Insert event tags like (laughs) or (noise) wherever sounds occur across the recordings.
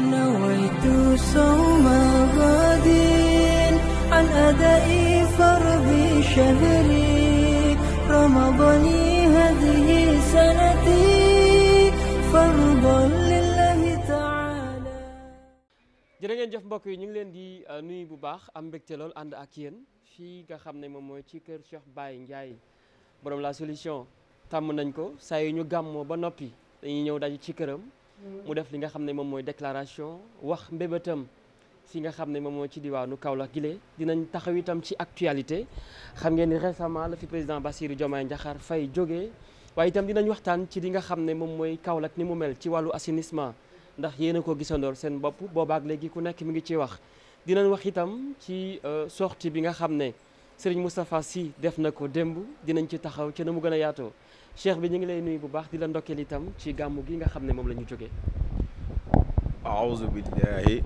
نويت صوم غد عن أداء فرض شهري رمضاني هذه سنتي فرضا لله تعالى jërë ngeen jëf mbokk yi ñu ngi leen di euh, nuyu bu baax am mbégte lool ànd ak yen fii nga xam ne moom mooy ci kër Cheikh Baye njaay borom la solution tàmm nañ ko say yu ñu gàmmoo ba noppi dañuy ñëw daju ci këram mu def li nga xam ne moom mooy déclaration wax mbébétam si nga xam ne moom mooy ci diwaanu Kaolack gile dinañ taxaw itam ci actualité xam ngeen ni récemment la fi président Bassirou Diomaye Diakhar fay jóge waaye itam dinañ waxtaan ci li nga xam ne moom mooy Kaolack ni mu mel ci wàllu assainissement ndax yéen a ko gisandoor seen bopp boobaak léegi ku nekk mu ngi ciy wax dinañ wax itam ci euh, sortie bi nga xam ne Serigne Moustapha si def na ko démb dinañ ci taxaw ci na mu gën a yaatoo cheikh bi ñu ngi lay nuyu bu baax di la ndokkeel itam ci gàmmu gi nga xam ne moom la ñu jógee aouzu billahi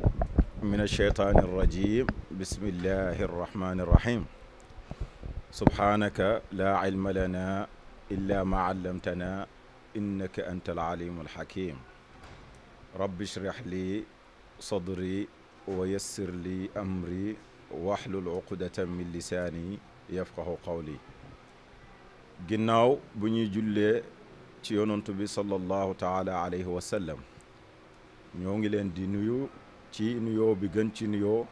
min alcheytaani arrajim bismillahi arrahmani arrahim subhaanaka laa ilma lana illa ma allamtana innaka anta alalimu alxakim rabbi ishrah li sadri wa yassir li amri wahlul uqdatan min lisaani yafqahu qawli ginnaaw bu ñuy jullee ci yonantu bi sallallahu taala alayhi wa ñoo ngi leen di nuyu ci nuyoo bi gën ci nuyoo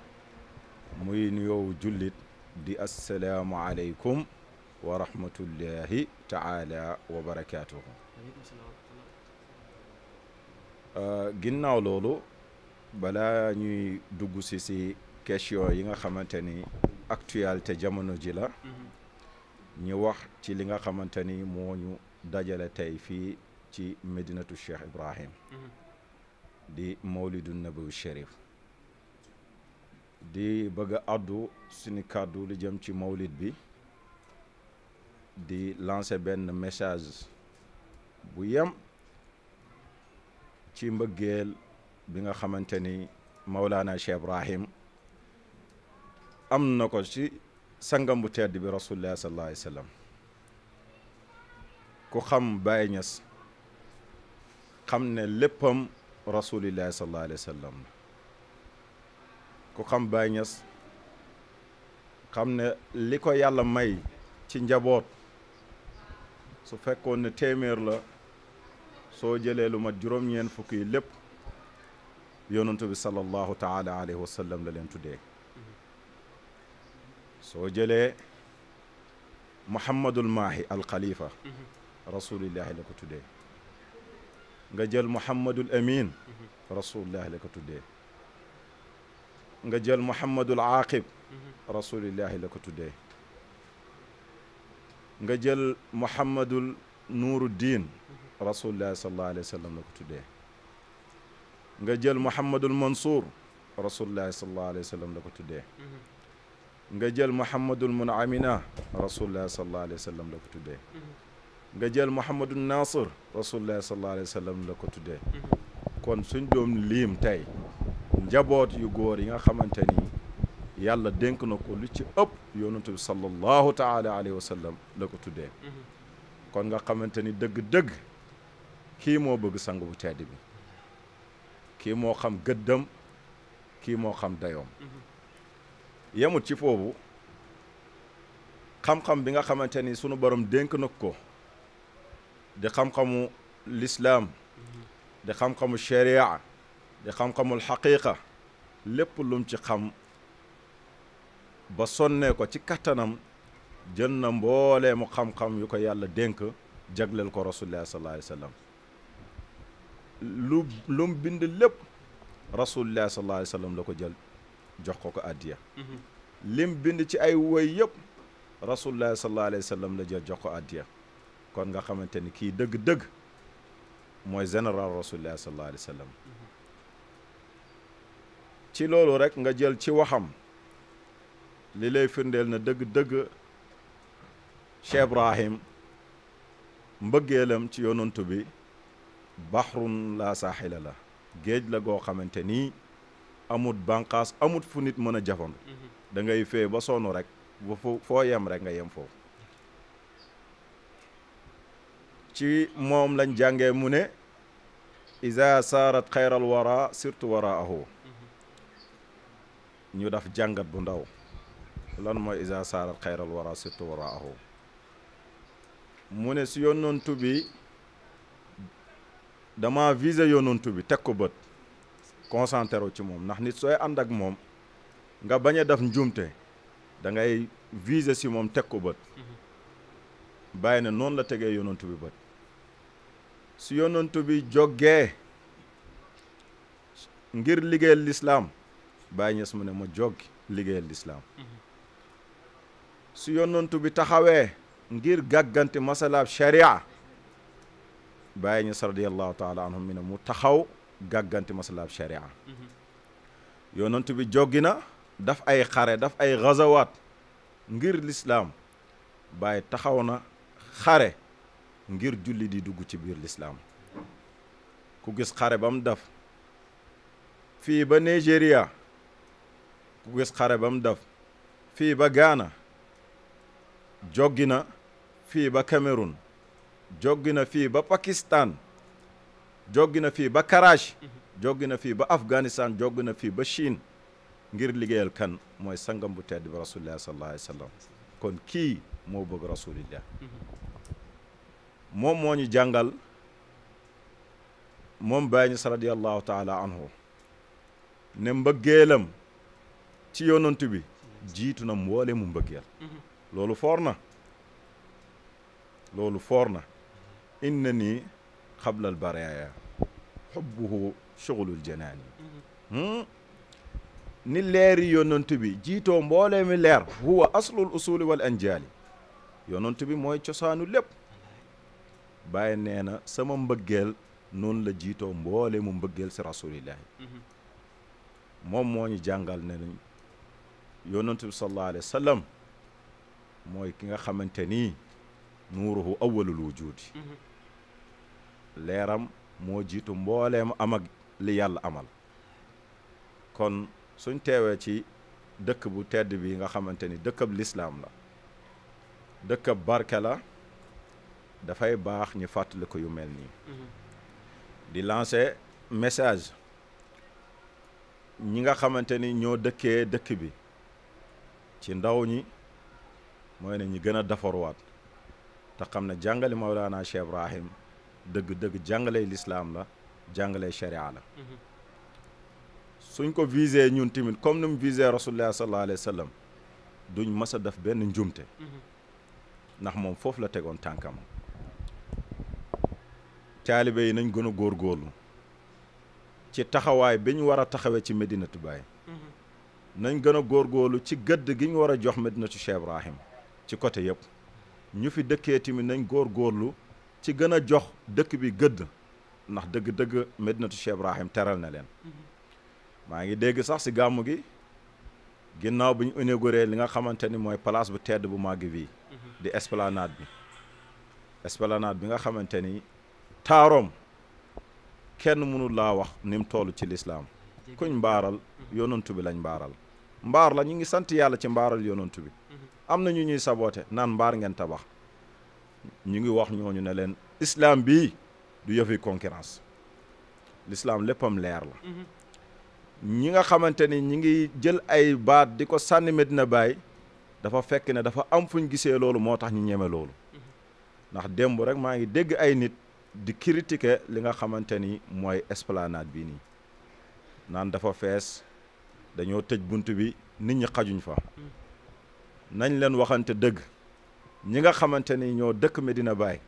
muy nuyoowu jullit di assalaamu aleykum wa rahmatullahi taala wa barakaatuhu euh, ginnaaw loolu balaa ñuy dugg si si question yi nga xamante ni actualité jamono ji la mm-hmm. ñu wax ci li nga xamante ni moo ñu dajale tey fii ci Medinatu Cheikh Ibrahim mm-hmm. di mawlidu nabawi sharif di bëgg a àddu suñu kàddu lu jëm ci mawlid bi di lance benn message bu yam ci mbëggeel bi nga xamante ni Mawlana Cheikh Ibrahim am na ko ci sangam bu tedd bi rasulullah sallallahu ku xam Baye Niass xam ne léppam rasulullah sallallahu alayhi ku xam Baye Niass xam ne li ko yàlla may ci njaboot su fekkoon ne téeméer la soo jëlee lu mat juróom-ñeent fukk lépp yonantu bi sallallahu taala alayhi wa sallam la leen tuddee soo jëlee muhammadul maahi al khalifa mm-hmm. rasulillahi la ko tuddee nga jël muhammadul amin mm-hmm. rasulillahi la ko tuddee nga jël muhammadul aaqib mm-hmm. rasulillahi la ko tuddee nga jël muhammadul nuuruddin rasulillahi sallallahu alayhi wa sallam la ko tuddee nga jël muhammadul mansour rasulillahi sallallahu alayhi wa sallam la ko tuddee nga jël muhammadul mun amina rasulullah sallallahu alayhi wa sallam la ko tuddee mhm. nga jël muhammadul nasir rasulullah sallallahu alayhi wa la ko tuddee mhm. kon suñ doom liim tey njaboot yu góor yi nga xamante ni yàlla dénk na ko lu ci ëpp yonent bi sallallahu taala alayhi wa la ko tuddee mhm. kon nga xamante ni dëgg-dëgg kii moo bëgg sang bu tedd bi kii moo xam gëddam kii moo xam dayoom yemut ci foofu xam-xam bi nga xamante ni sunu borom dénk na ko di xam-xamu lislaam di xam-xamu sharia di xam-xamul xaqiqa lépp lum ci xam ba sonnee ko ci kattanam jën na mboolee mu xam-xam yu ko yàlla dénk jagleel ko rasulullah sallallahu alayhi wa lu lum bind lépp rasulullah sallallahu alayhi wa la ko jël jox ko ko addiya mhm. lim bind ci ay woy yëpp rasulullah sallallahu alayhi la jël jox ko addiya kon nga xamante ni kii dëgg-dëgg mooy général rasulullah sallallahu alayhi mhm. ci loolu rekk nga jël ci waxam li lay firndeel na dëgg-dëgg Cheikh Ibrahim mbëggeelam ci yonantu bi baxrun laa saaxila la géej la goo xamante nii amut bànqaas amut fu nit mën a jafandu mm-hmm. da ngay fee ba sonn rek ba fu foo yem rek nga yem foofu ci moom lañ jàngee mu ne isa saarat xayral wara surtout waraahu mm-hmm. ñu daf jàngat bu ndaw lan mooy isa saarat xayral wara surtout waraahu mu ne si yonontu bi dama visé yonontu bi teg ko bët concentré wu ci moom ndax nit sooy ànd ak moom nga bañ a def njuumte dangay ngay viser si moom teg ko bët mm-hmm. bàyyi ne noonu la tegee yonantu bi bët su yonantu bi joggee ngir liggéeyal lislaam bàyyi ñes mu ne ma joggi liggéeyal lislaam mm-hmm. su yonantu bi taxawee ngir gàgganti masalaab sharia bàyyi ñes radiallahu taala mi ne mu taxaw gàgganti masalaab sharia mhm. yonent bi joggi na daf ay xare daf ay gazawaat ngir lislaam bàyyi taxaw na xare ngir julli di dugg ci biir lislaam ku gis xare ba mu fii ba Nigeria ku gis xare bam mu def fii ba Ghana joggi na fii ba Cameroun joggi na fii ba pakistaan joggi na fii ba Karachi joggi na fii ba Afghanistan joggi na fii ba Chine ngir liggéeyal kan mooy sangam bu tedd bi rasulillah sallallahu alayhi kon kii moo bëgg rasulillah moom moo ñu jàngal moom Baay Ñas radiyallahu taala anhu ne mbëggeelam ci yonantu bi jiitu na mboole mu mbëggeel loolu foor na inna nii xabla al baraaya xubbuhu shughulul ni leeri yonent bi jiitoo mboole mi leer huwa aslul usuli wal anjaali yonent bi mooy cosaanu lépp bàyyi nee na sama mbëggeel noonu la jiitoo mboole mu mbëggeel si rasulillahi moom moo ñu jàngal ne nañ yonent bi alayhi wa mooy ki nga xamante ni nuuruhu awwalul wujudi leeram moo jiitu mbooleem am ak li yàlla amal kon suñ teewee ci dëkk bu tedd bi nga xamante ni dëkkab lislaam la dëkkab barke la dafay baax ñu fàttali ko yu mel nii mm-hmm. di lancer message ñi nga xamante ni ñoo dëkkee dëkk bi ci ndaw ñi mooy na ñi gën a defarwaat te xam na jàngali Mawlaana Cheikh Ibrahim dëgg-dëgg jàngalay lislaam la jàngalay sharia la mhm. suñ ko visé ñun tamit comme ni mu visé rasulullah sallallahu alayhi wa duñ mës a def benn njumte mhm. ndax moom foofu la tegoon tànkam taalibe yi nañ gën a góorlu ci taxawaay bi ñu war a taxawee ci Medinatu Baay mhm. nañ gën a góorlu ci gëdd gi ñu war a jox Medinatu Cheikh Ibrahim ci côté yëpp ñu fi dëkkee tamit nañ góorlu ci gën a jox dëkk bi gëdd ndax dëgg-dëgg Medinatu Cheikh Ibrahim teral na leen mm-hmm. maa ngi dégg sax si gàmmu gi ginnaaw bi ñu inauguré li nga xamante ni mooy place bu tedd bu màgg bii mm-hmm. di esplanade bi esplanade bi nga xamante ni taaroom kenn mënul laa wax ni mu toll ci lislaam kuñ mbaaral mm-hmm. yonantu bi lañ mbaaral mbaar la ñu ngi sant yàlla ci mbaaral yonantu bi am na ñu ñuy saboote naan mbaar ngeen tabax ñu ngi wax ñooñu ne leen islaam bi du yëfi concurrence lislaam léppam leer la mhm. ñi nga xamante ni ñi ngi jël ay baat di ko sànni Medina baay dafa fekk ne dafa am fuñ gisee loolu moo tax ñu ñeme loolu mhm. ndax démb rek maa ngi dégg ay nit di critiquer li nga xamante ni mooy esplanade bii nii naan dafa fees dañoo tëj bunt bi nit ñi xajuñ fa mhm. nañ leen waxante dëgg ñi nga xamante ni ñoo dëkk Medina Baye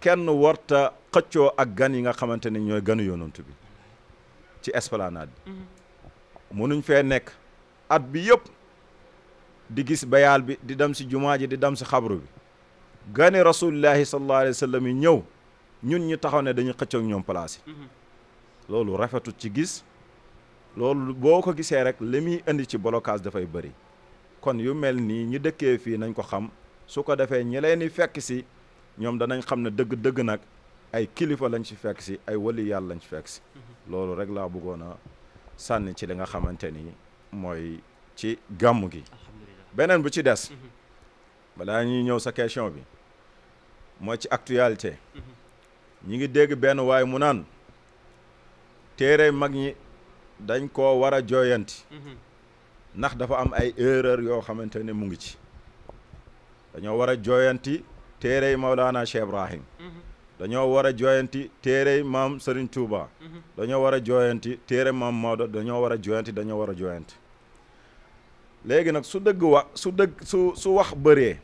kenn warta xëccoo ak gan yi nga xamante ni ñooy ganu yonent bi ci esplanade bi mm-hmm. munuñ fee nekk at bi yëpp di gis bayaal bi di dem si jumaa ji di dem si xabru bi gani rasulillahi sallallahu alayhi wa yi ñëw ñun ñu taxaw ne dañu xëccook ñoom place yi mm-hmm. loolu rafetut ci gis loolu boo ko gisee rek li muy indi ci blocage dafay bari kon yu mel nii ñi dëkkee fii nañ ko xam su ko defee ñi leen di fekk si ñoom danañ xam ne dëgg-dëgg nag ay kilifa lañ ci fekk si ay wali yàlla lañ ci fekk si mm-hmm. loolu rek laa bëggoon a sànni ci li nga xamante ni mooy ci gàmm gi beneen bu ci des mm-hmm. balaa ñuy ñëw sa question bi mooy ci actualité mm-hmm. ñi ngi dégg benn waaye mu naan téere mag ñi dañ koo war a jooyanti ndax dafa am ay erreur yoo xamante ne mu ngi ci dañoo war a jooyanti yi Maulana Cheikh Ibrahim dañoo war a jooyanti téerey maam Serigne Touba dañoo war a jooyanti téere maam Maodo dañoo war a jooyanti dañoo war a jooyanti léegi nag su dëgg wa su dëgg su su wax bëree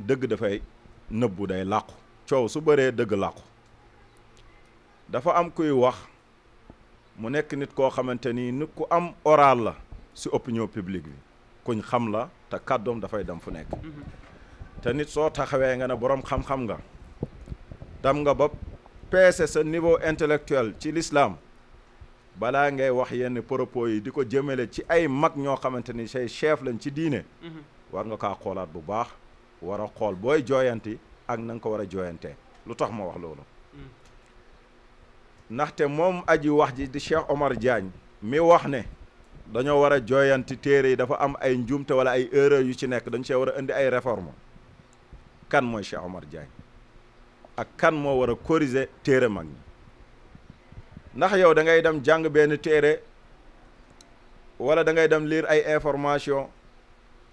dëgg dafay nëbbu day làqu coow su bëree dëgg làqu dafa am kuy wax mu nekk nit koo xamante ni nit ku am oral la si opinion publique bi kuñ xam la te kàddoom dafay dem fu nekk mhm. te nit soo taxawee nga ne boroom xam-xam nga dem nga ba peese sa niveau intellectuel ci lislaam balaa ngay wax yenn poropo yi di ko jëmale ci ay mag ñoo xamante ni say chef lañ ci diine mhm. war nga kaa xoolaat bu baax war a xool booy jooyanti ak na ko war a jooyantee lu tax ma wax loolu mhm. ndaxte moom aji wax ji di Cheikh Omar Diagne mi wax ne dañoo war a jooyanti téere yi dafa am ay njuumte wala ay erreur yu ci nekk dañu cee war a indi ay réforme kan mooy Cheikh Omar Diagne kan moo war a corriger téere mag ndax yow da ngay dem jàng benn téere wala da ngay dem lire ay information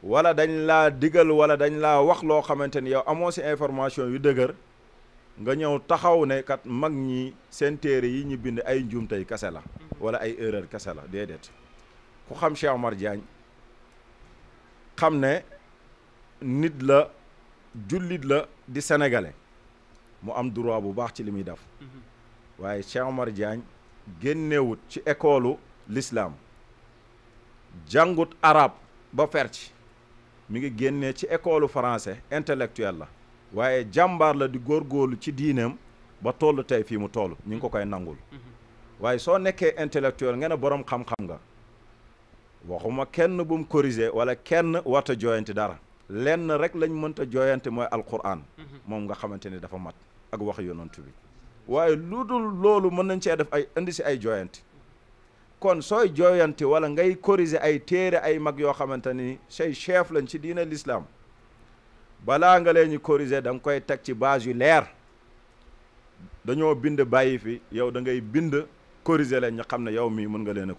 wala dañ laa digal wala dañ laa wax loo xamante ni yow amoo si information yu dëgër nga ñëw taxaw ne kat mag ñi seen téere yi ñu bind ay njuumtey kase la wala ay erreur kase la déedéet ku xam Cheikh Omar Diagne xam ne nit la jullit la di sénégalais mu am droit bu baax ci li muy def mm-hmm. waaye Cheikh Omar Diagne génnewut ci école lislaam jàngut arab ba fer mu ngi génnee ci école français intellectuel la waaye jàmbaar la di góor góorlu ci diinam ba toll tey fii mu toll ñu ngi ko koy nangul mm-hmm. waaye soo nekkee intellectuel nga ne boroom xam-xam nga waxuma kenn bu mu corriger wala kenn warta jooyanti dara lenn rek lañ mënta jooyante mooy alquran mhm. moom nga xamante ni dafa mat ak wax yonantu bi waaye lu dul loolu mën nañ cee def ay indi si ay jooyanti kon sooy jooyanti wala ngay corriger ay téere ay mag yoo xamante ni say chef lañ si diine l'islam balaa nga leen ñu corriger da koy teg ci base yu leer dañoo bind bàyyi fi yow da ngay bind corriger leen ñu xam ne yow mii mën nga leen a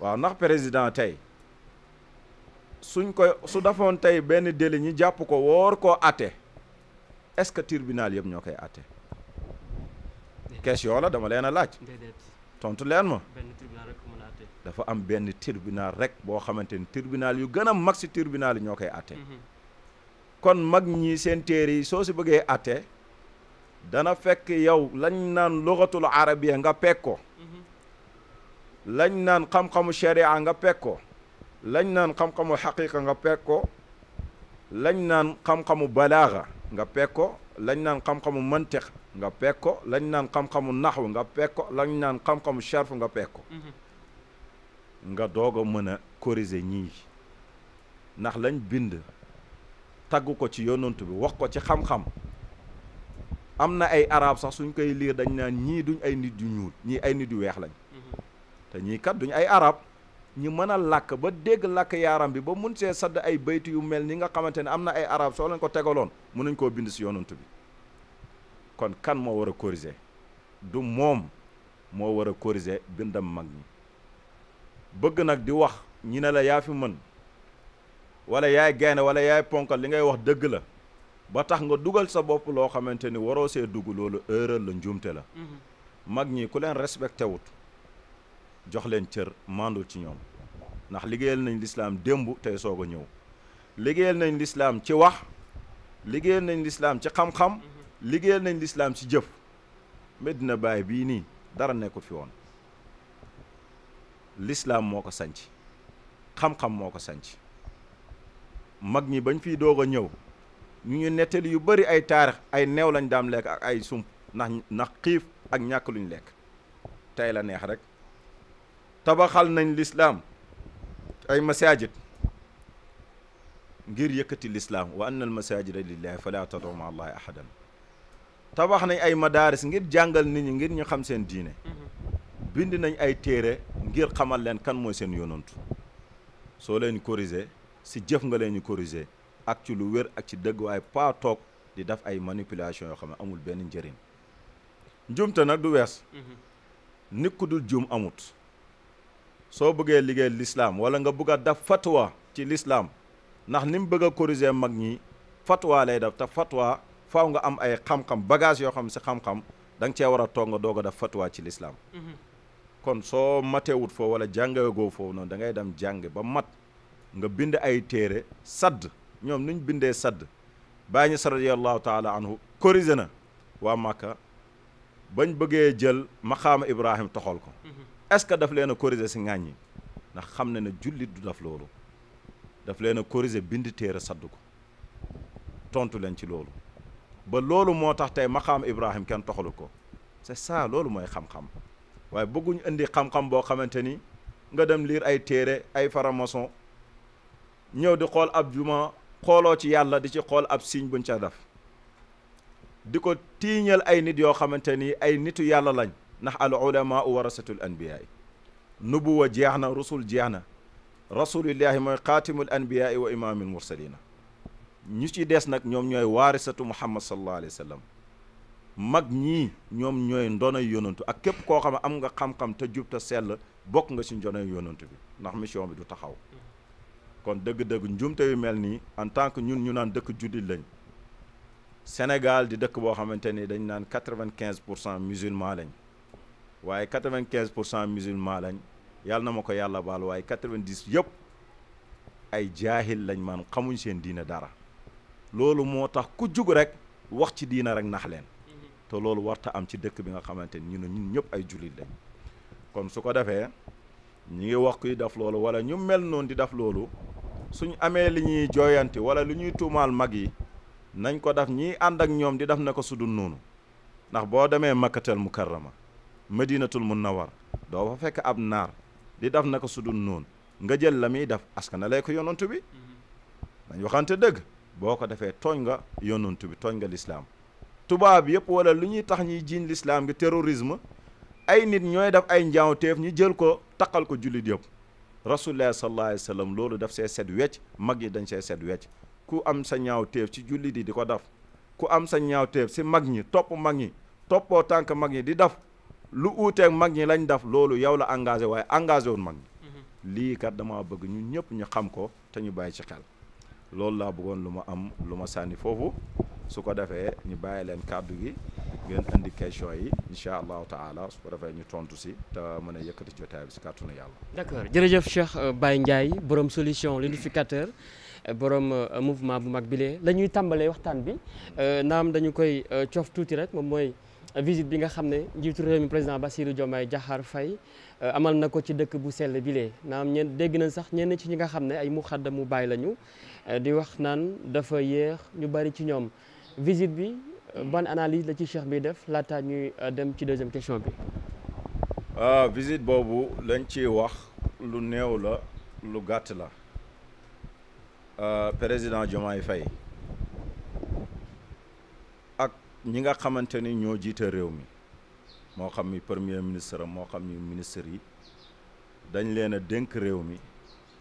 waaw ndax président tey suñ koy su defoon tey benn délit ñi jàpp ko woor koo atte est-ce que tribunal yëpp ñoo koy atte question la dama leen a laaj tontu leen ma dafa am benn tribunal rek boo xamante ni tribunal yu gën a mag si tribunal yi ñoo koy atte mhm. kon mag ñi seen téere yi soo si bëggee atte dana fekk yow lañ naan lugatul arabiya nga peg ko lañ naan xam-xamu sharia nga peg ko lañ naan xam-xamu xaqiqa nga peg ko lañ naan xam-xamu balaaga nga peg ko lañ naan xam-xamu mantiq nga peg ko lañ naan xam-xamu naxw nga peg ko lañ naan xam-xamu sharf nga peg ko mhm. nga doog a mën a corriger ñii ndax lañ bind tagg ko ci yonantu bi wax ko ci xam-xam am na ay arab sax suñ koy liir dañ naan ñii duñ ay nit yu ñuul ñii ay nit yu weex lañ te ñii kat duñ ay arab ñu mën a lakk ba dégg lakk yaaram bi ba mun see sadd ay baytu yu mel ni nga xamante ne am na ay arab soo leen ko tegaloon mënuñ koo bind si yonent bi kon kan moo war a corriger du moom moo war a corriger bindam mag ñi bëgg nag di wax ñi ne la yaa fi mën wala yaay gaynde wala yaay ponkal li ngay wax dëgg la ba tax nga dugal sa bopp loo xamante ni waroo see dugg loolu erreur la njuumte la mhm. mag ñi ku leen respecté wut jox leen cër mandul ci ñoom ndax liggéeyal nañ lislaam démb tey soog a ñëw liggéeyal nañ lislaam ci wax liggéeyal nañ lislaam ci xam-xam liggéeyal nañ lislaam ci jëf Medina Baay bii nii dara nekku fi woon lislaam moo ko sanc xam-xam moo ko sanc mag ñi bañ fiy doog a ñëw ñu ñu nettali yu bari ay taarix ay neew lañ daam lekk ak ay sump ndax ndax xiif ak ñàkk luñ lekk tey la neex rek tabaxal nañ lislaam ay masaajid ngir yëkkati lislaam wa anna al masaajida lillahi falaa tad'u ma'a allahi ahadan tabax nañ ay madaaris ngir jàngal nit ñi ngir ñu xam seen diine bind nañ ay téere ngir xamal leen kan mooy seen yonantu soo leen corriger si jëf nga leen ñu corriger ak ci lu wér ak ci dëgg waaye pas toog di def ay manipulation yoo xam ne amul benn njëriñ njumte nag du wees mhm. nit juum amut soo bëggee liggéey lislaam wala nga bëgg a daf fatwa ci lislaam ndax ni mu bëgg a corriger mag ñi fatwa lay def te fatwa faw nga am ay xam-xam bagage yoo xam si xam-xam da cee war a toog nga doog a daf fatwa ci lislaam mhm. kon soo mateewut foofu wala jàngagoo foofu noonu da ngay dem jàng ba mat nga bind ay téere sadd ñoom nuñ bindee sadd bàyyi ñu sa radiallahu taala anhu corriger na waa Màkka bañ bëggee jël maqaama Ibrahim toxol ko mhm. est-ce que daf leen a corriger si ngaañ yi ndax xam na ne jullit du daf loolu daf leen a corriger bind téere sadd ko tontu leen ci loolu ba loolu moo tax tey maxaam Ibrahim kenn toxalu ko c'est ça loolu mooy xam-xam waaye bëgguñu indi xam-xam boo xamante ni nga dem liir ay téere ay faramaçon ñëw di xool ab juma xooloo ci yàlla di ci xool ab signe buñ ca def di ko tiiñal ay nit yoo xamante ni ay nitu yàlla lañ ndax al ulama warasatul anbiyaay nubuwa jeex na rusul jeex na rasulillahi mooy xaatimul anbiyaay wa imaamil mursalina ñu ci des nag ñoom ñooy waarisatu muhammad sallallahu alayhi wa sallam mag ñii ñoom ñooy ndonoy yonantu ak képp koo xam ne am nga xam-xam te jub te sell bokk nga ci ndonoy yonantu bi ndax mission bi du taxaw kon dëgg-dëgg njumte yu mel nii en tant que ñun ñu naan dëkk jullit lañ Sénégal di dëkk boo xamante ni dañ naan quatre-vingt-quinze pour cent musulman lañ waaye quatre-vingt-quinze pour cent musulman lañ yàlla na ma ko yàlla baal waaye quatre-vingt-dix ay jaahil lañ man xamuñ seen diina dara loolu moo tax ku jug rek wax ci diina rek nax leen te loolu warta am ci dëkk bi nga xamante ni ñu ne ñun ñëpp ay jullit lañ kon su ko defee ñu ngi wax kuy def loolu wala ñu mel noonu di def loolu suñ amee li ñuy jooyanti wala li ñuy tuumaal mag yi nañ ko daf ñiy ànd ak ñoom di def na ko sudul noonu ndax boo demee makkatal mukarrama madinatul munawar doo fa fekk ab naar di daf naka su dul noonu nga jël la muy def askan lay ko yonantu bi dañ waxante dëgg boo ko defee tooñ nga yonantu bi tooñ nga lislaam tubaab yëpp wala lu ñuy tax ñuy jiiñ lislaam gi terrorisme ay nit ñooy def ay njaawteef ñu jël ko taqal ko jullit yëpp rasulullah sallallahu alayhi wa loolu daf see set wecc mag ñi dañ see set wecc ku am sa ñaawteef ci jullit yi di ko def ku am sa ñaawteef si mag ñi top mag ñi toppoo tànk mag ñi di def lu uuteeg mag ñi lañ def loolu yow la engage waaye engagé woon mag ñi mhm. lii kat bëgg ñu ñëpp ñu xam ko te ñu bàyyi ci xel loolu laa bëggoon lu ma am lu ma sànni foofu su ko defee ñu bàyyi leen kàddu gi ngeen indi question yi incha allahu taala su ko defee ñu tontu si te mën a yëkkati jotaay bi si kàttanu yàlla. d' accord jërëjëf Cheikh euh, Baye Ndiaye borom solution l'unificateur euh, borom euh, mouvement bu mag bile la ñuy tàmbalee waxtaan bi naam dañu koy coof tuuti rek moom mooy. visite bi nga xam ne njiitu réew mi président Bassirou jomaay jaxaar fay euh, amal na ko ci dëkk bu sell bilee naam ñeen dégg nañ sax ñenn ci ñi nga xam ne ay mu baay lañu euh, di wax naan dafa yéex ñu bari ci ñoom visite bi euh, ban analyse la ci cheikh bi def laata ñuy dem ci deuxième question bi. ah boobu lañ ci wax lu néew la lu gàtt la président Diomaye fay ñi nga xamante ni ñoo jiite réew mi moo xam ni premier ministre moo xam ni ministre yi dañ leen a dénk réew mi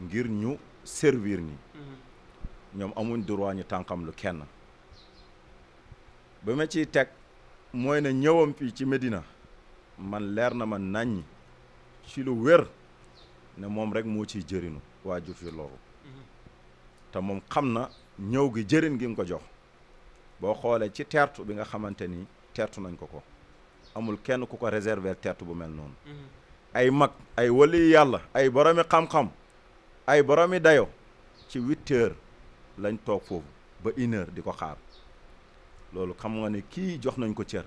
ngir ñu servir ñi mm-hmm. ñoom amuñ droit ñu tànkam lu kenn ba ma ciy teg mooy ne ñëwam fii ci Medina man leer na man naññi ci lu wér ne moom rek moo ciy jërinu waa fi loolu mm-hmm. te moom xam na ñëw gi jëriñ gi mu ko jox boo xoolee ci tertu bi nga xamante ni tertu nañ ko ko amul kenn ku ko réserver tertu bu mel noonu mhm. ay mag ay wali yàlla ay boromi xam-xam ay boromi dayo ci huit lañ toog foofu ba une di ko xaar loolu xam nga ne kii jox nañ ko cër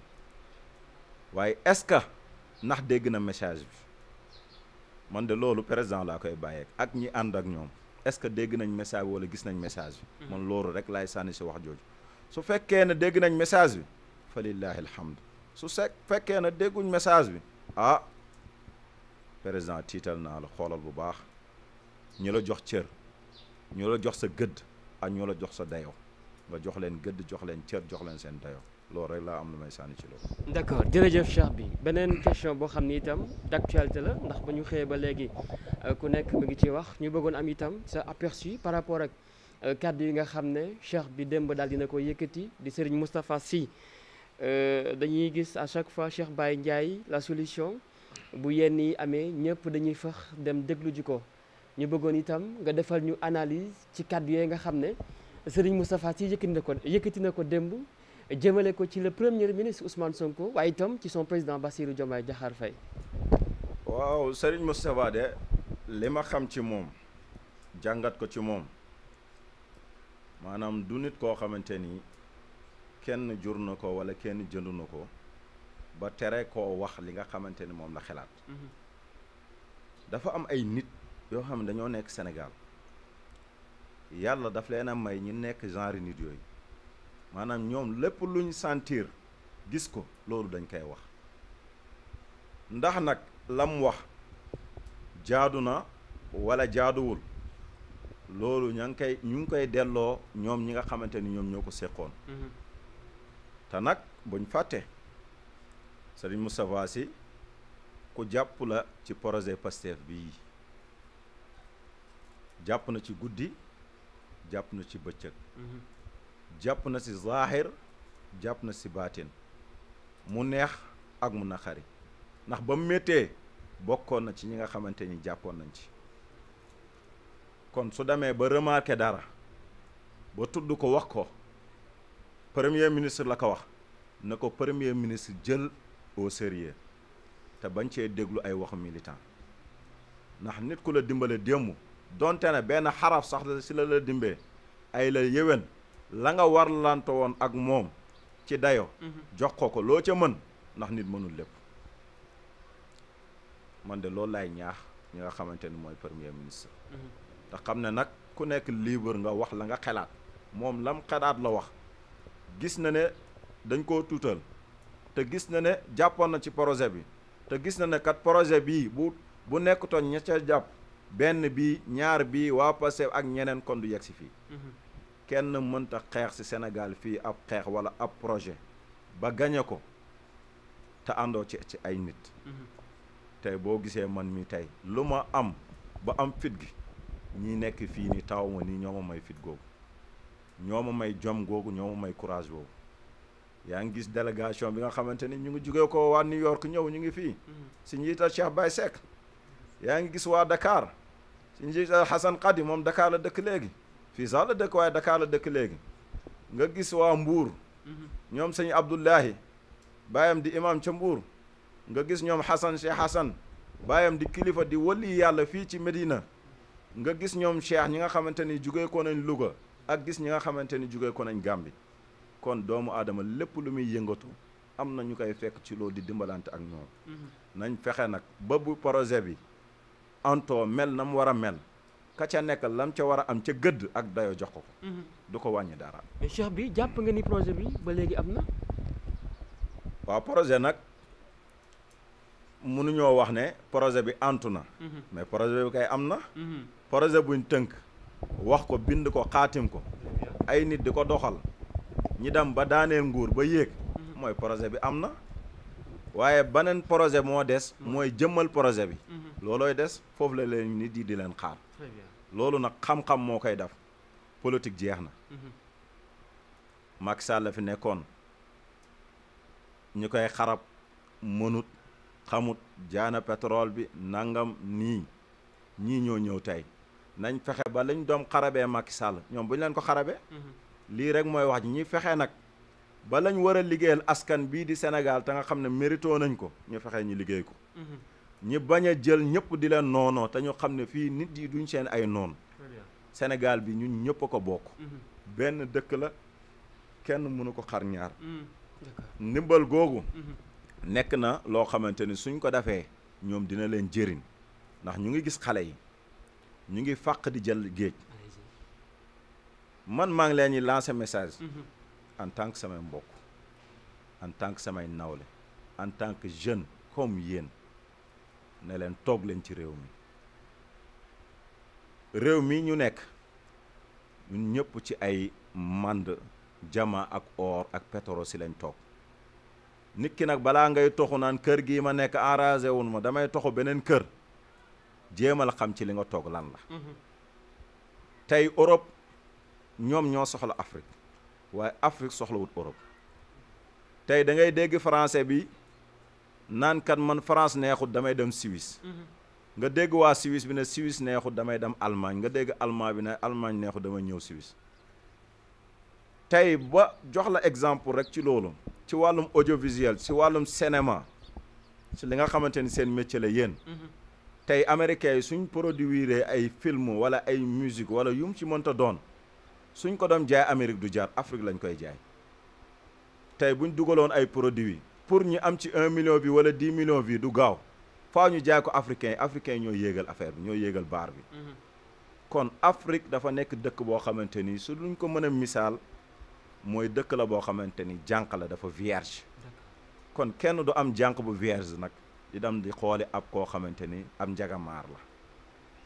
waaye est-ce que ndax dégg na message bi man de loolu président laa koy bàyyeek ak ñi ànd ak ñoom est-ce que dégg nañ message wala gis nañ message bi mhm. man loolu rek laay sànni si wax jooju su fekkee ne dégg nañ message bi fa lillahi alhamdu su sek fekkee ne dégguñ message bi ah président tiital naa la xoolal bu baax ñu la jox cër ñu la jox sa gëdd ak ñu la jox sa dayo nga jox leen gëdd jox leen cër jox leen seen dayo loolu rek laa am lu may sànni ci loolu. d' accord jërëjëf bi beneen question boo xam ni itam d' la ndax ba ñu xëyee ba léegi euh, ku nekk mu ngi ciy wax ñu bëggoon am itam sa aperçu par rapport ak. Euh, kàddu yi nga xam ne cheikh bi démb daal dina ko yëkkati di Serigne Moustapha Sy euh, dañuy gis à chaque fois Cheikh Baye Ndiaye la solution bu yenn yi amee ñëpp dañuy fax dem dégluju ko ñu bëggoon itam nga defal ñu analyse ci kàddu yee nga xam ne Serigne Moustapha Sy yëkkati na ko yëkkati na ko démb jëmale ko ci le premier ministre Ousmane Sonko waaye itam ci son président Bassirou Diomaye Diakhar fay waaw sëriñ Moustapha de li ma xam ci moom jàngat ko ci moom maanaam du nit koo xamante ni kenn jur na ko wala kenn jënd na ko ba tere koo wax li nga xamante ni moom la xalaat. Mhm. dafa am ay nit yoo xam ne dañoo nekk Sénégal yàlla daf leen a may ñi nekk genre nit yooyu maanaam ñoom lépp luñ sentir gis ko loolu dañ koy wax ndax nag lam wax jaadu na wala jaaduwul. loolu ña ngi koy ñu ngi koy delloo ñoom ñi nga xamante ni ñoom ñoo ko seqoon mm-hmm. te nag buñ fàtte sëriñ Moustapha Sy ku jàpp la ci projet Pastef bii jàpp na ci guddi jàpp na ci bëccëg mm-hmm. jàpp na ci zaahir jàpp na ci baatin mu neex ak mu naqari ndax ba mu méttee bokkoon na ci ñi nga xamante ni jàppoon nañ ci kon su demee ba remarqué dara ba tudd ko wax ko premier ministre la ko wax na ko premier ministre jël au sérieux te bañ cee déglu ay waxu militant ndax nit ku la dimbale démb donte ne benn xaraf sax si la la dimbee ay la yéwén la nga war lante woon ak moom ci dayo mhm. jox ko ko loo ca mën ndax nit mënul lépp man de loolu lay ñaax ñi nga xamante ni mooy premier ministre mhm. te xam ne nag ku nekk libre nga wax la nga xalaat moom lam xalaat la wax gis na ne dañ ko tuutal te gis na ne jàppoon na ci projet bi te gis na ne kat projet bii bu bu nekkutoon ña ca jàpp benn bi ñaar bi waa Pastef ak ñeneen kon du yegg si fii mhm. kenn mënta xeex si senegal fii ab xeex wala ab projet ba gañe ko te àndoo ci ci ay nit mhm. tey boo gisee man mi tey lu ma am ba am fit gi ñi nekk fii ni taw ma nii ñoo ma may fit googu ñoo ma may jom googu ñoo ma may courage boobu yaa ngi gis délégation bi nga xamante ni ñu ngi jugee ko waa New York ñëw ñu ngi fii mm-hmm. si njiital Cheikh Baye Seck yaa ngi gis waa Dakar si njiital Hassan Khadi moom Dakar la dëkk léegi fii sax la dëkk waaye Dakar la dëkk léegi nga gis waa mbuur mm-hmm. ñoom sëñ Abdullahi bàyyam di imam ca mbuur nga gis ñoom Hassan Cheikh Hassan bàyyam di kilifa di wali yàlla fii ci Medina nga gis ñoom cheikh ñi nga xamante ni jugee ko nañ ak gis ñi nga xamante ni jugee ko nañ Gàmbi kon doomu aadama lépp lu muy yëngatu am na ñu koy fekk ci loolu di dimbalante ak ñoom. Mhm. nañ fexe nag ba bu projet bi antoo mel na mu war a mel. ka ca nekk lam ca war am ca gëdd ak dayoo jox ko ko. Mhm. du ko wàññi dara. mais bi jàpp nga ni projet bi ba léegi am na. waaw projet nag mënuñoo wax ne projet bi antu na. Mhm. mais projet bi kay am na. projet buñ tënk wax ko bind ko xaatim ko ay nit di ko doxal ñi dem ba daaneel nguur ba yéeg mhm. mooy projet bi am na waaye beneen projet moo des mhm. mooy jëmmal projet bi mhm. loolooy des foofu la leen nit yi di leen xaar loolu nag xam-xam moo koy def politique jeex na Macky la fi nekkoon ñu koy xarab mënut xamut jaana pétrole bi nangam nii ñii ñoo ñëw tey nañ fexe ba lañ doom xarabee Macky sàll ñoom bu ñu leen ko xarabe mhm. lii rek mooy wax ji ñi fexe nag ba lañ war a liggéeyal askan bii di Sénégal te nga xam ne mérito nañ ko ñu fexe ñu liggéey ko mhm. ñi bañ a jël ñépp di leen noonoo te ñu xam ne fii nit yi duñ seen ay noon Sénégal bi ñu ñëpp ko bokk mhm. benn dëkk la kenn mënu ko xar ñaar ndimbal googu nekk na loo xamante ni suñ ko defee ñoom dina leen jëriñ ndax ñu ngi gis xale yi ñu ngi fàq di jël géej man maa ngi leen di lancer message mhm. en tant que samay mbokk en tant que samay nawle en tant que jeune comme yéen ne leen toog leen ci réew mi réew mi ñu nekk ñun ñëpp ci ay mand jama ak or ak pétrole si lañ toog nit ki nag balaa ngay toxu naan kër gii ma nekk arrangé wun ma damay toxu beneen kër jéemal xam ci li nga toog lan la mhm. tey orop ñoom ñoo soxla Afrique waaye Afrique soxlawut Europe tey da ngay dégg français bi naankat man France neexut damay dem Suisse mhm. nga dégg waa Suisse bi ne Suisse neexut damay dem Allemagne nga dégg Allemagne bi ne Allemagne neexut damay ñëw Suisse tey ba jox la exemple rek ci loolu ci wàllum audiovisuel ci wàllum cinéma ci li nga xamante ni seen métier la tey américains yi suñ produire ay film wala ay musique wala yum ci mënta doon suñ ko doon jaay Amérique du jaar Afrique lañ koy jaay tey buñ dugaloon ay produits pour ñu am ci un million bi wala dix million bi du gaaw faaw ñu jaay ko africains yi africains yi ñoo yéegal affaire bi ñoo yéegal baar bi mhm. kon Afrique dafa nekk dëkk boo xamante ni su luñ ko mën a misaal mooy dëkk la boo xamante ni jànq la dafa vierge kon kenn du am jànq bu vierge nag itam di xoole ab koo xamante ni ab njagamaar la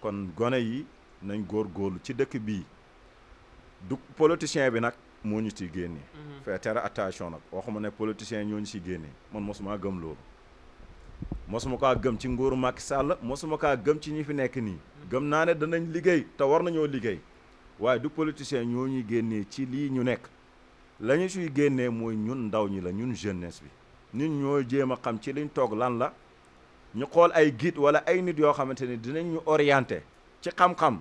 kon gone yi nañ góor góorlu ci dëkk bii du politicien bi nag moo ñu ciy génnee. Mhm. faire très attention nag waxuma ne politicien ñoo ñu ciy génnee man mosumaa gëm loolu. mosuma kaa gëm ci nguuru Macky Sall mosuma kaa gëm ci ñi fi nekk nii. Mhm. gëm naa ne danañ liggéey te war nañoo liggéey waaye du politicien ñoo ñuy génnee ci lii ñu nekk lañu ñu génnee mooy ñun ndaw ñi la ñun jeunesse bi ñun ñoo jéem a xam ci liñ toog lan la. ñu xool ay guide wala ay nit yoo xamante ni dinañ ñu orienté ci xam-xam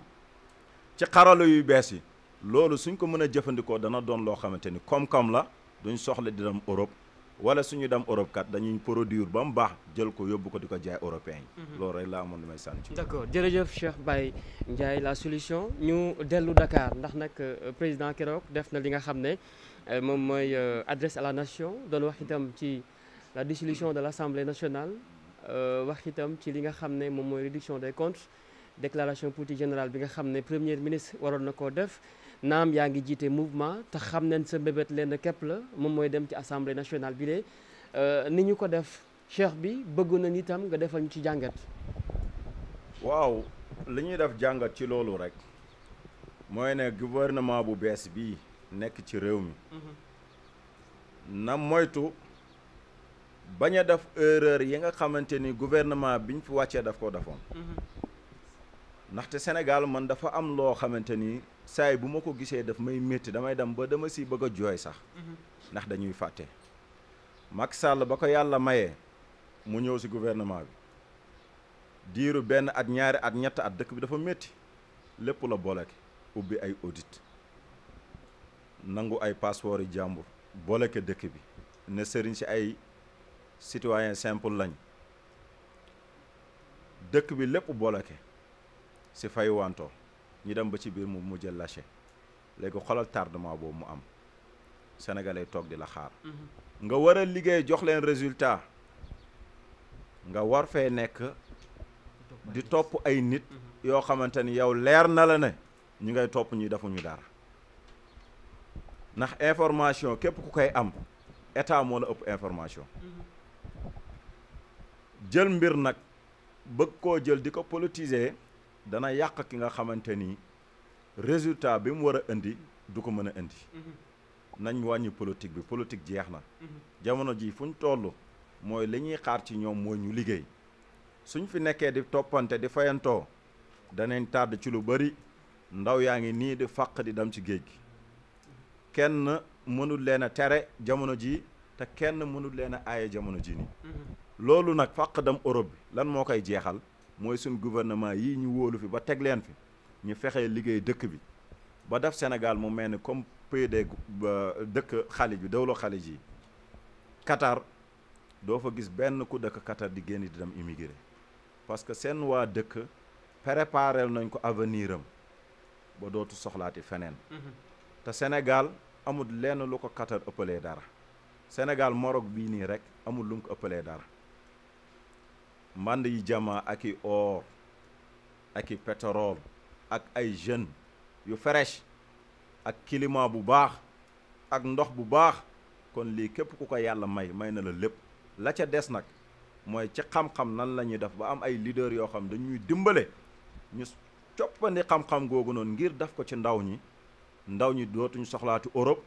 ci xarala yu bees yi loolu suñ ko mën a jëfandikoo dana doon loo xamante ni koom la duñ soxla di dem Europe wala suñu dem Europe kat dañuy produire ba mu baax jël ko yóbbu ko di ko jaay européen yi. Mhm. loolu rek laa amoon lu may sànni ci. d' jërëjëf Cheikh Baye Ndiaye la solution ñu dellu Dakar ndax nag euh, président keroog def na li nga xam ne euh, moom mooy euh, adresse à la nation doon itam ci la dissolution de l' assemblée nationale. Euh, wax itam ci li nga xam ne moom mooy réduction des comptes déclaration politique général bi nga xam ne premier ministre waroon na koo def naam yaa ngi jiite mouvement te xam ne sa mbébét lenn képp la moom mooy dem ci assemblée nationale bi de euh, ni ñu ko def cheikh bi bëgg nañ itam nga defal ñu ci jàngat. waaw li ñuy def jàngat ci loolu rek mooy ne gouvernement bu bees bi nekk ci réew mi. Mhm. na moytu. bañ a def erreur yi nga xamante ni gouvernement biñ fi wàccee daf ko defoon mhm. ndaxte Sénégal man dafa am loo xamante ni saay bu ma ko gisee daf may métti damay dem ba dama si bëgg a jooy sax mhm. ndax dañuy fàtte Macky sàll ba ko yàlla maye mu ñëw si gouvernement bi diiru benn at ñaari at ñett at dëkk bi dafa métti lépp la booleke ubbi ay audit nangu ay passeport yi jàmbur booleke dëkk bi ne sëriñ si ay citoyen simple lañ dëkk bi lépp boloke si fay wanto ñi dem ba ci biir mu mujj lâché léegi xolal tardement boobu mu am sénégalais toog di la xaar mhm. nga war a liggéey jox leen résultat nga war fee nekk di topp ay nit mhm. yoo xamante ni yow leer na la ne ñu ngay topp ñuy defuñu dara ndax information képp ku koy am état moo la ëpp information mhm. jël mbir nag bëgg koo jël di ko politiser dana yàq ki nga xamante ni résultat bi mu war a indi du ko mën a indi. Mm-hmm. wàññi politique bi politique jeex na. Mm-hmm. jamono ji fu ñu toll mooy li ñuy xaar ci ñoom mooy ñu liggéey suñ fi nekkee di toppante di fayantoo danañ tàdd ci lu bari ndaw yaa ngi nii di fàq di dem ci géej gi kenn mënul leen a tere jamono ji te kenn mënul leen a aaye jamono ji nii. Mm-hmm. loolu nag fàqdam Europe bi lan moo koy jeexal mooy suñ gouvernement yi ñu wóolu fi ba teg leen fi ñu fexee liggéey dëkk bi ba def Sénégal mu mel ni comme pays des dëkk xalij bi dawlo xalij yi katar doo fa gis benn ku dëkk Qatar di génn di dem immigré parce que seen waa dëkk préparel nañ ko avenir am ba dootu soxlaati feneen mm-hmm. te Sénégal amut lenn lu ko katar ëppalee dara Sénégal Maroc bii nii rek amul lu ko ëppalee dara mbànd yi jama ak i or ak i pétrole ak ay jeunes yu fresh ak climat bu baax ak ndox bu baax kon lii képp ku ko yàlla may may na la lépp la ca des nag mooy ci xam-xam nan la ñuy def ba am ay leader yoo xam dañuy dimbale ñu coppandi xam-xam googu noonu ngir def ko ci ndaw ñi ndaw ñi dootuñu soxlaati Europe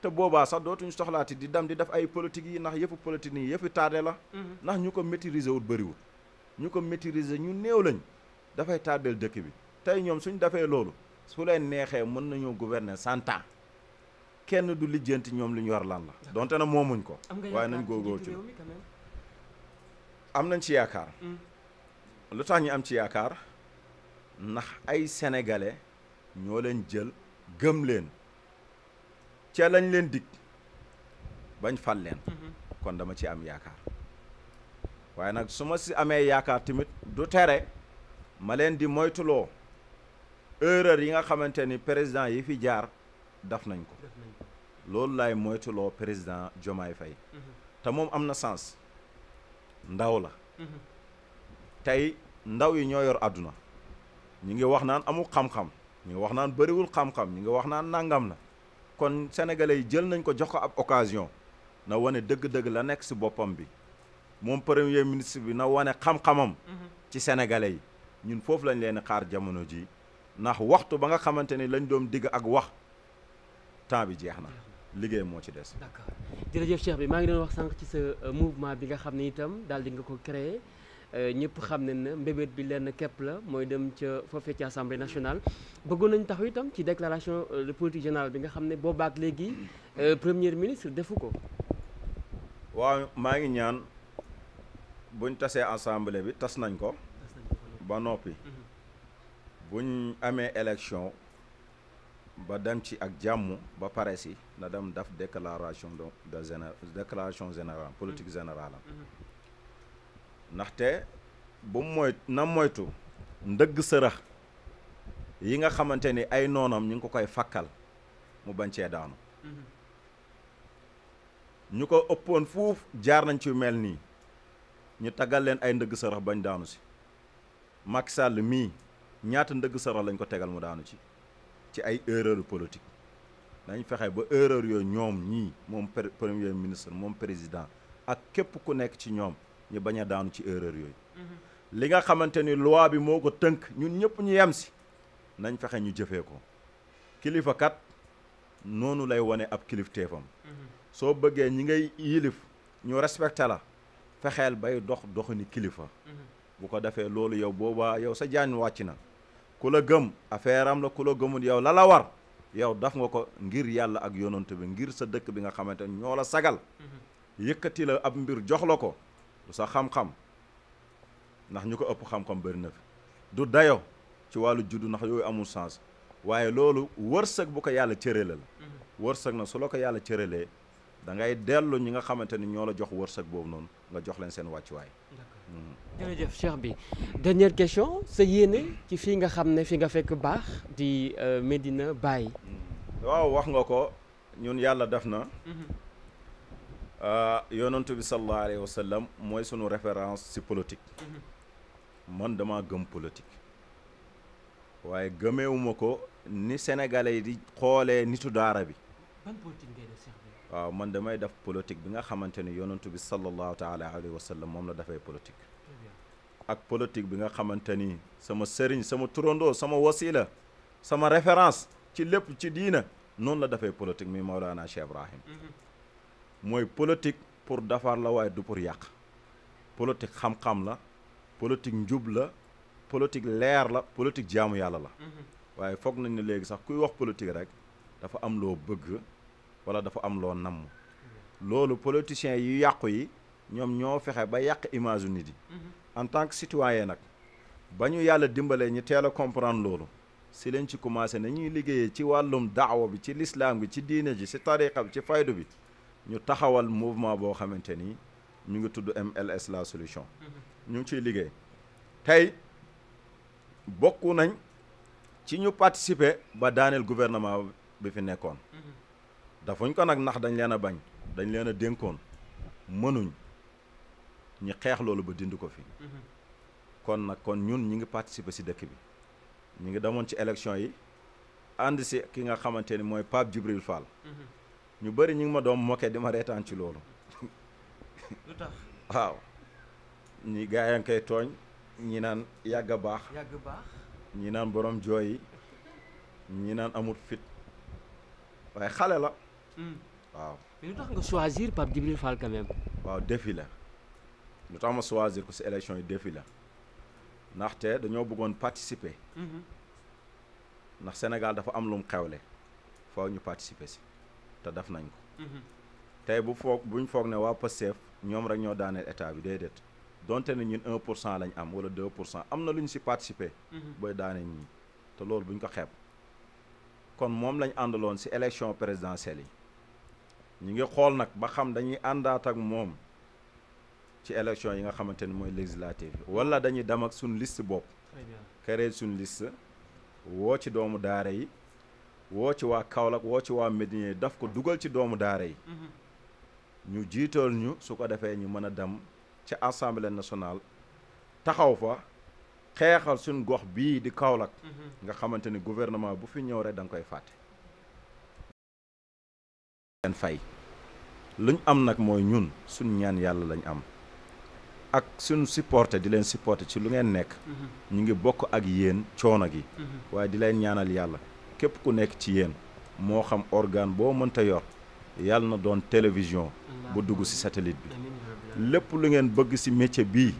te boobaa sax dootuñu soxlaati di dem di def ay politique yi ndax yëfu politique yi yëfi taade la mm-hmm. ndax ñu ko maîtriser wut bëriwul ñu ko maîtriser ñu néew lañ dafay tardel dëkk bi tey ñoom suñ defee loolu su leen neexee mën nañoo gouverner santa kenn du lijjanti ñoom lu ñu yor lan la donte na moomuñ ko waaye nañ góorgóor ci am nañ ci yaakaar mm. lu tax ñu am ci yaakaar ndax ay sénégalais ñoo leen jël gëm leen ca lañ leen dig bañ fal leen mm-hmm. kon dama ci am yaakaar waaye nag su ma si amee yaakaar tamit du tere ma leen di moytuloo erreur yi nga xamante ni président yi fi jaar daf nañ ko loolu laay moytuloo président Diomaye Faye mhm. te moom am na sens ndaw la mhm. tey ndaw yi ñoo yor àdduna ñu ngi wax naan amul xam-xam ñu ngi wax naan bëriwul xam-xam ñu ngi wax naan nangam na kon sénégalais yi jël nañ ko jox ko ab occasion na wane dëgg-dëgg la nekk si boppam bi moom premier ministre bi na wane xam-xamam ci sénégalais yi ñun foofu lañ leen xaar jamono ji ndax waxtu ba nga xamante ni lañ doon digg ak wax temps bi jeex na liggéey moo ci des. d'accord jërëjëf bi maa ngi doon wax sànq ci sa euh, mouvement bi nga xam ne itam daal di nga ko créer euh, ñëpp xam ne ne mbébét bi lenn képp la mooy dem ca foofee ci assemblée nationale bëggoon nañ taxaw itam ci déclaration euh, de politique générale bi nga xam ne boobaak léegi premier ministre defu ko. buñ tasee assemblée bi tas nañ ko ba noppi buñ amee élection ba dem ci ak jàmm ba pare si na dem daf déclaration de de géné déclaration générale politique générale am ndaxte bu moy na moytu ndëgg sërëx yi nga xamante ni ay noonam ñu ngi ko koy fakkal mu bañ cee daanu mhm. ñu ko ëppoon fuuf jaar nañ ci mel nii ñu taggal leen ay ndëgg sarax bañ daanu si Macky sàll mii ñaata ndëgg sarax lañ ko tegal mu daanu ci ci ay erreur politique dañ fexe ba erreur yooyu ñoom ñii moom premier ministre moom président ak képp ku nekk ci ñoom ñu bañ a daanu ci erreur yooyu mm-hmm. li nga xamante ni loi bi moo ko tënk ñun ñëpp ñu yem si nañ fexe ñu jëfee ko kilifa kat noonu lay wone ab kilif teefam mm-hmm. soo bëggee ñi ngay yilif ñu respecté la fexeel bay dox doxini kilifa mhm. bu ko defee loolu yow boobaa yow sa jaan wàcc na ku la gëm affaire am la ku la gëmul yow la la war yow daf nga ko ngir yàlla ak yonent bi ngir sa dëkk bi nga xamante ne ñoo la sagal mhm. yëkkati la ab mbir jox la ko du sa xam-xam ndax ñu ko ëpp xam-xam bëri fi du dayo ci wàllu juddu ndax yooyu amul sens waaye loolu wërsëg bu ko yàlla cërale la mhm. wërsëg na su la ko yàlla cëralee da ngay dellu ñi nga xamante ni ñoo la jox wërsëg boobu noonu nga jox leen seen wàccuwaay. jërëjëf Cheikh bi question sa yéene ci fii nga xam ne fi nga fekk baax di euh, médina Baye. Mm. waaw wax nga ko ñun yàlla def na. Mm-hmm. Euh, yonantu bi sallallahu alayhi mooy sunu référence si politique. Mm-hmm. man dama gëm politique. waaye gëmeewuma ko ni sénégalais yi di xoolee nitu daara bi. waaw man damay def politique bi nga xamante ni yonantu bi sallallahu taala alayhi wa sallam moom la dafay politique ak politique bi nga xamante ni sama sëriñ sama turandoo sama wasila sama référence ci lépp ci diina noonu la dafay politique mi Maulana Cheikh Ibrahim mooy politique pour defar la waaye du pour yàq politique xam-xam la politique njub la politique leer la politique jaamu yàlla la mhm. waaye foog nañ ne léegi sax kuy wax politique rek dafa am loo bëgg wala dafa am loo namm loolu politiciens yu yàqu yi ñoom ñoo fexe ba yàq image u nit yi mm-hmm. en tant que citoyen nag ba ñu yàlla dimbalee ñu teel a comprendre loolu si lañ ci commencé nañuy liggéeyee ci wàllum daaw bi ci lislaam bi ci diine ji si tariqa bi ci faydu bi ñu taxawal mouvement boo xamante ni ñu ngi tudd MLS la solution mm-hmm. ñu ngi ciy liggéey tey bokk nañ ci ñu participer ba daaneel gouvernement bi fi nekkoon mm-hmm. dafuñ ko nag ndax dañ leen a bañ dañ leen a dénkoon mënuñ ñi xeex loolu ba dind ko fi mhm. kon nag kon ñun ñi ngi participer ci dëkk bi ñi ngi demoon ci élection yi ànd ci ki nga xamante ni mooy Pape Djibril Fall mhm. ñu bëri ñi ngi ma doom moqué di ma reetaan ci loolu lu (laughs) waaw ñi gaa yaa ngi koy tooñ ñi naan yàgg a baax yàgg ñi naan borom jooy yi ñi naan amut fit waaye xale la waaw. mais lu tax nga choisir Pape Djibril Fall quand même. waaw la lu tax ma choisir ko si élection yi défi la ndaxte dañoo bëggoon participer. Mhm. ndax Sénégal dafa am lum xewle foo ñu participer si te def nañ ko. Mhm. tey bu foog buñ foog ne waa Pastef ñoom rek ñoo daaneel état bi déedéet donte ne ñun 1 pour cent lañ am wala 2 pour cent am na lu ñu si participer. Mhm. booy daaneel ñi te loolu buñ ko xeeb kon moom lañ àndaloon si élection présidentielle yi. ñi ngi xool nag ba xam dañuy àndaat ak moom ci élection yi nga xamante ni mooy législative wala dañuy dem ak suñ liste bopp créer suñ liste woo ci doomu daara yi woo ci waa Kaolack woo ci waa Médina yi daf ko dugal ci doomu daara yi mhm. ñu jiital ñu su ko defee ñu mën a dem ci assemblée nationale taxaw fa xeexal suñ gox bii di Kaolack mhm. nga xamante ni gouvernement bu fi ñëw rek da nga koy fàtte leen fay luñ am nag mooy ñun suñ ñaan yàlla lañ am ak suñ sipporte di leen supporter ci lu ngeen nekk mm-hmm. ñu ngi bokk ak yéen coono gi mm-hmm. waaye di leen ñaanal yàlla képp ku nekk ci yéen moo xam organe boo mënta yor yàlla na doon télévision bu dugg ci satelit bi lépp lu ngeen bëgg ci métier bii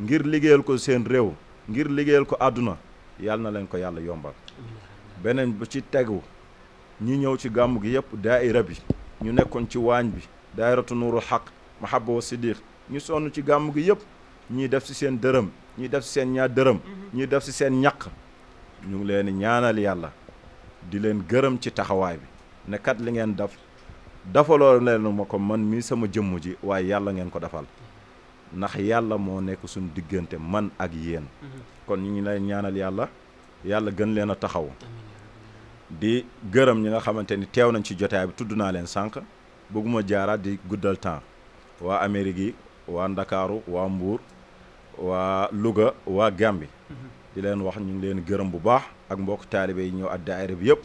ngir liggéeyal ko seen réew ngir liggéeyal ko àdduna yàlla na leen ko yàlla yombal beneen bu ci tegu ñi ñëw ci gàmm gi yëpp daaira bi ñu nekkoon ci waañ bi daairatu nuurul xaq mahaba wa siddiq ñu sonn ci gàmm gi yëpp ñii def si seen dërëm ñii def si seen ñaar dërëm mhm. ñii def si seen ñaq ñu ngi leen ñaanal yàlla di leen gërëm ci taxawaay bi ne li ngeen def dafaloo leen ma ko man mii sama jëmm ji waaye yàlla ngeen ko defal ndax yàlla moo nekk suñu diggante man ak yéen mhm. kon ñu ngi leen ñaanal yàlla yàlla gën leen a taxaw di gërëm ñi nga xamante ni teew nañ ci jotaay bi tudd naa leen sànq bëgguma jaaraat di guddal temps waa Amérique yi waa Ndakaaru waa Mbuur waa Louga waa Gàmbi mm-hmm. di leen wax ñu ngi leen gërëm bu baax ak mbokk taalibe yi ñëw ak daayira bi yëpp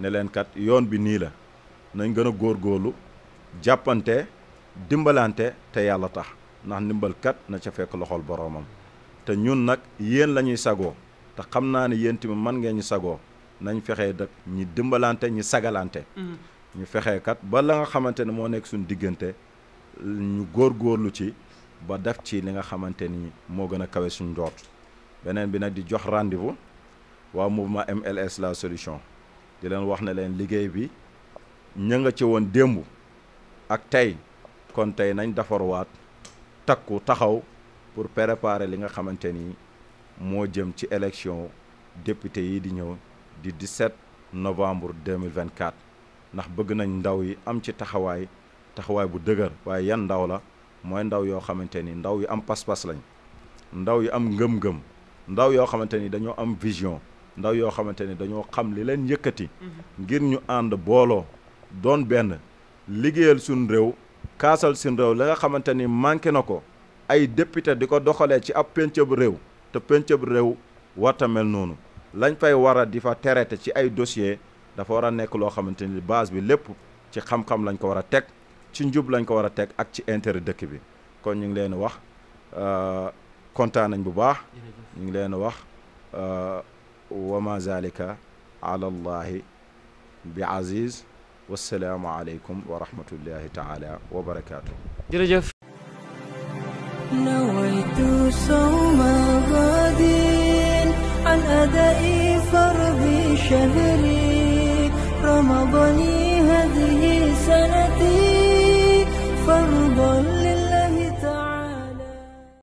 ne leen kat yoon bi nii la nañ gën a góorlu jàppante dimbalante te yàlla tax ndax ndimbal na ca fekk loxol boroomam te ñun nag yéen lañuy sagoo te xam naa ne yéen tamit man ngeen ñu sagoo nañ fexe dak ñi dimbalante ñi sagalante mm-hmm. ñu fexe kat ba la nga xamante ne moo nekk suñu diggante ñu góor góorlu ci ba def ci li nga xamante ni moo gën a kawe suñu ndoort beneen bi nag di jox rendez-vous waa mouvement MLS la solution di leen wax na leen liggéey bi ña nga ci woon démb ak tey kon tey nañ defarwaat takku taxaw pour préparer li nga xamante ni moo jëm ci élection député yi di ñëw di 17 novembre 2024 ndax bëgg nañ ndaw yi am ci taxawaay taxawaay bu dëgër waaye yan ndaw la mooy ndaw yoo xamante ni ndaw yi am pas-pas lañ ndaw yi am ngëm-ngëm ndaw yoo xamante ni dañoo am vision ndaw yoo xamante ni dañoo xam li leen yëkkati mhm. ngir ñu ànd booloo doon benn liggéeyal suñ réew kaasal suñ réew la nga xamante ni manqué na ko ay député di ko doxalee ci ab péncëb réew te péncëb réew warta mel noonu lañ fay war a di fa traité ci ay dossier dafa war a nekk loo xamante ni base bi lépp ci xam-xam lañ ko war a teg ci njub lañ ko war a teg ak ci intérêt dëkk bi kon ñu ngi leen wax euh, kontaan nañ bu baax ñu ngi leen wax euh, wa ma zalika ala allahi bi aziz wassalaamu aleykum wa rahmatullahi taala wa barakaatu jërëjëf أدائي فرضي شهري رمضاني